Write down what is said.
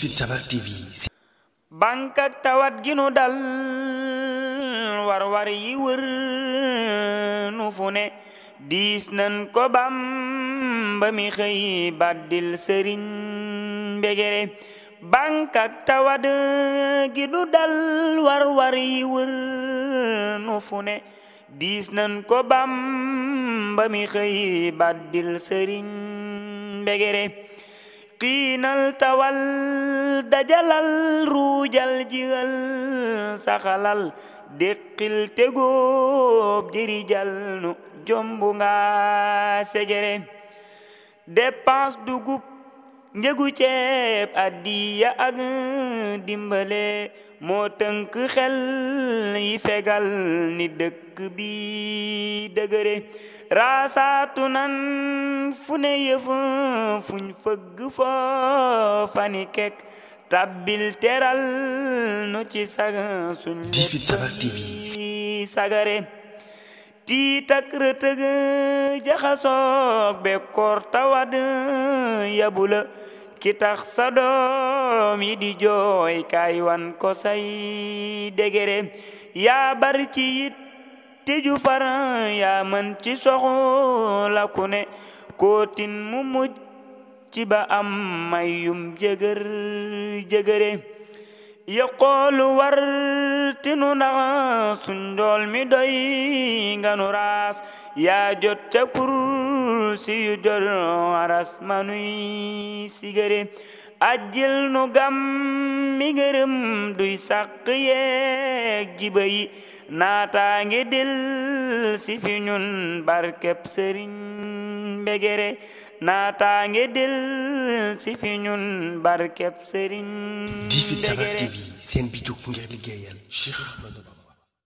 18 tawat gi nu dal war-war yi wër nu fu ne diis nan ko bam ba mi xëy baddil sëriñ mbegere banque tawat gi nu dal war-war yi wër nu fu diis nan ko bam ba mi xëy baddil sëriñ mbegere xiinal tawal dajalal ruujal jigal saxalal déqil tegóob jirijal nu jombu nga segere dépense dugub njëgu ceeb addiya ak dimbale moo tënk xel yi fegal ni dëkk bi dëgëre raasaatu nan fu ne yëf fuñ fëgg fa fani kek tabbil teral nu ci saga suñ 18 Safar sagare di ak rëtëg jaxasoog bekkoor tawad yabula ki tax sa doom yi di jooy kaay wan ko say degere yaa bari ci yit tiju far yaa mën ci soxo la ku kootin mu mujj ci ba am mayum jëgër jëgëre yaqoolu wartinu naxa suñ dool mi doy nga nu raas yaa jot ca kursi yu jot aras manuy sigare ajjil nu gam mi ngërëm duy sàq yeeg jiba yi naataa ngi dil si fi ñun barkeb sëriñ mbegere naataa ngi dil si fi ñun barkeb sëriñ mbegere seen bi jóg ngir liggéeyal Cheikh